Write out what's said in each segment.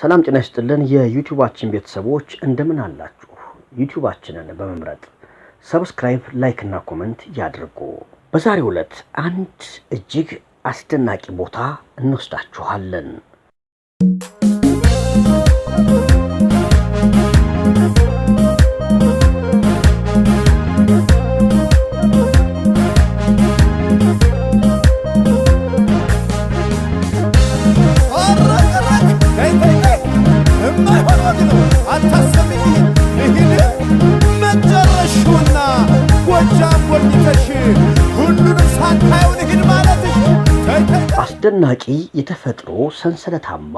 ሰላም ጤና ይስጥልን የዩቲዩባችን ቤተሰቦች እንደምን አላችሁ? ዩቲዩባችንን በመምረጥ ሰብስክራይብ፣ ላይክ እና ኮመንት ያድርጉ። በዛሬው ዕለት አንድ እጅግ አስደናቂ ቦታ እንወስዳችኋለን። አስደናቂ የተፈጥሮ ሰንሰለታማ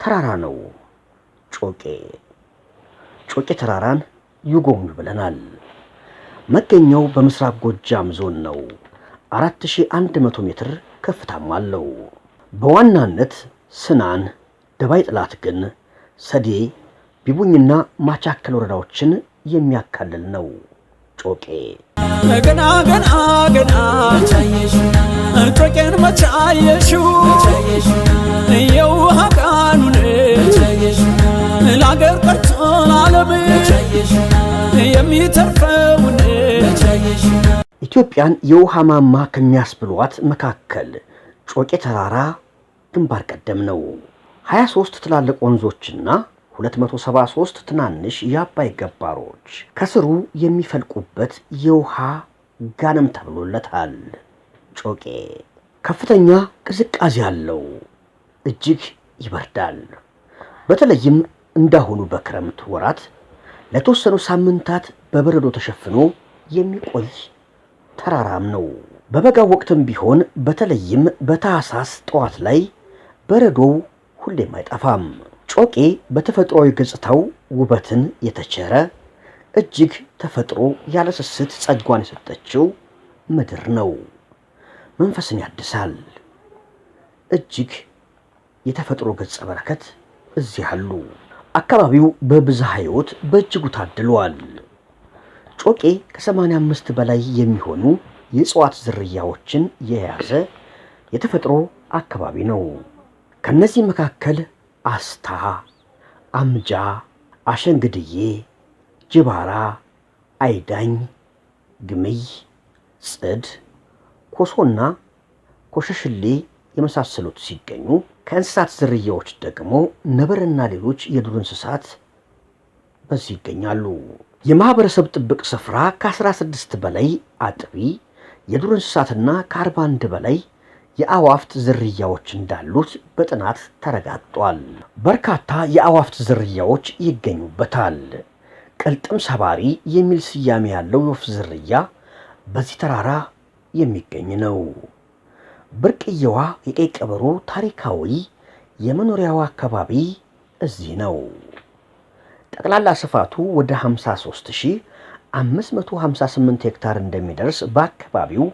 ተራራ ነው። ጮቄ ጮቄ ተራራን ይጎብኙ ብለናል። መገኛው በምስራቅ ጎጃም ዞን ነው። 4100 ሜትር ከፍታም አለው። በዋናነት ስናን፣ ደባይ ጥላት ግን፣ ሰዴ፣ ቢቡኝና ማቻከል ወረዳዎችን የሚያካልል ነው። ጮቄ ገና ገና ገና ጮቄን መቻየሽው የውሃ ቃኑን ለአገር ቀርቶን ዓለም የሚተርፈውን ኢትዮጵያን የውሃ ማማ ከሚያስብሏት መካከል ጮቄ ተራራ ግንባር ቀደም ነው። 23 ትላልቅ ወንዞችና 273 ትናንሽ የአባይ ገባሮች ከስሩ የሚፈልቁበት የውሃ ጋንም ተብሎለታል። ጮቄ ከፍተኛ ቅዝቃዜ አለው፣ እጅግ ይበርዳል። በተለይም እንዳሁኑ በክረምት ወራት ለተወሰኑ ሳምንታት በበረዶ ተሸፍኖ የሚቆይ ተራራም ነው። በበጋ ወቅትም ቢሆን በተለይም በታህሳስ ጠዋት ላይ በረዶው ሁሌም አይጠፋም። ጮቄ በተፈጥሯዊ ገጽታው ውበትን የተቸረ እጅግ ተፈጥሮ ያለ ስስት ጸጓን የሰጠችው ምድር ነው። መንፈስን ያድሳል። እጅግ የተፈጥሮ ገጸ በረከት እዚህ አሉ። አካባቢው በብዝሃ ሕይወት በእጅጉ ታድሏል። ጮቄ ከ85 በላይ የሚሆኑ የእጽዋት ዝርያዎችን የያዘ የተፈጥሮ አካባቢ ነው። ከእነዚህ መካከል አስታ፣ አምጃ፣ አሸንግድዬ፣ ጅባራ፣ አይዳኝ፣ ግምይ፣ ጽድ፣ ኮሶና ኮሸሽሌ የመሳሰሉት ሲገኙ ከእንስሳት ዝርያዎች ደግሞ ነብርና ሌሎች የዱር እንስሳት በዚህ ይገኛሉ። የማህበረሰብ ጥብቅ ስፍራ ከ16 በላይ አጥቢ የዱር እንስሳትና ከ41 በላይ የአዋፍት ዝርያዎች እንዳሉት በጥናት ተረጋግጧል። በርካታ የአዋፍት ዝርያዎች ይገኙበታል። ቅልጥም ሰባሪ የሚል ስያሜ ያለው የወፍ ዝርያ በዚህ ተራራ የሚገኝ ነው። ብርቅየዋ የቀይ ቀበሮ ታሪካዊ የመኖሪያዋ አካባቢ እዚህ ነው። ጠቅላላ ስፋቱ ወደ 53558 ሄክታር እንደሚደርስ በአካባቢው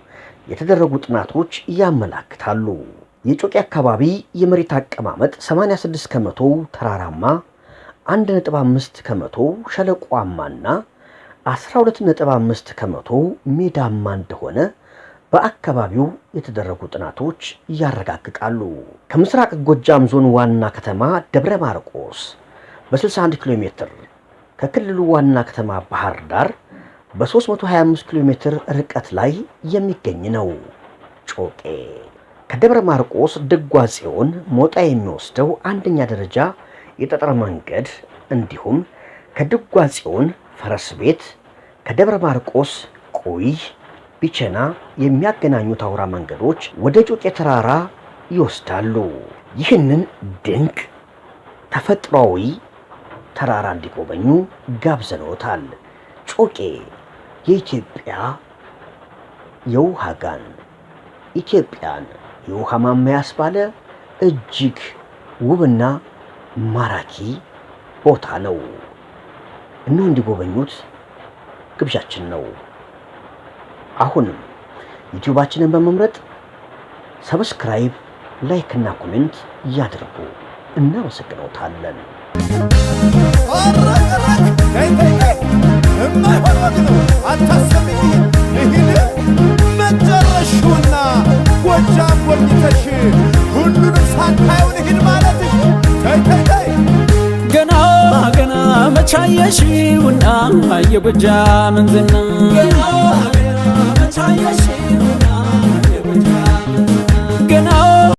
የተደረጉ ጥናቶች ያመላክታሉ። የጮቄ አካባቢ የመሬት አቀማመጥ 86 ከመቶ ተራራማ፣ 1.5 ከመቶ ሸለቋማና 12.5 ከመቶ ሜዳማ እንደሆነ በአካባቢው የተደረጉ ጥናቶች ያረጋግጣሉ። ከምስራቅ ጎጃም ዞን ዋና ከተማ ደብረ ማርቆስ በ61 ኪሎ ሜትር ከክልሉ ዋና ከተማ ባህር ዳር በ325 ኪሎ ሜትር ርቀት ላይ የሚገኝ ነው። ጮቄ ከደብረ ማርቆስ ድጓ ጽዮን ሞጣ የሚወስደው አንደኛ ደረጃ የጠጠር መንገድ እንዲሁም ከድጓ ጽዮን ፈረስ ቤት ከደብረ ማርቆስ ቁይ ቢቸና የሚያገናኙት አውራ መንገዶች ወደ ጮቄ ተራራ ይወስዳሉ። ይህንን ድንቅ ተፈጥሯዊ ተራራ እንዲጎበኙ ጋብዘንዎታል። ጮቄ የኢትዮጵያ የውሃ ጋን ኢትዮጵያን የውሃ ማማ ያስባለ እጅግ ውብና ማራኪ ቦታ ነው። እነሆ እንዲጎበኙት ግብዣችን ነው። አሁንም ዩቲዩባችንን በመምረጥ ሰብስክራይብ፣ ላይክ እና ኮሜንት እያድርጉ እናመሰግነውታለን። የማይሆን ነው አታሰሚ ይህን መጨረሻውና ጎጃም ወድተሽ ሁሉንም ሳታዩን ይህን ማለትሽ ተይተይ ገና ገና መቻየሽውና የጎጃምን ዝና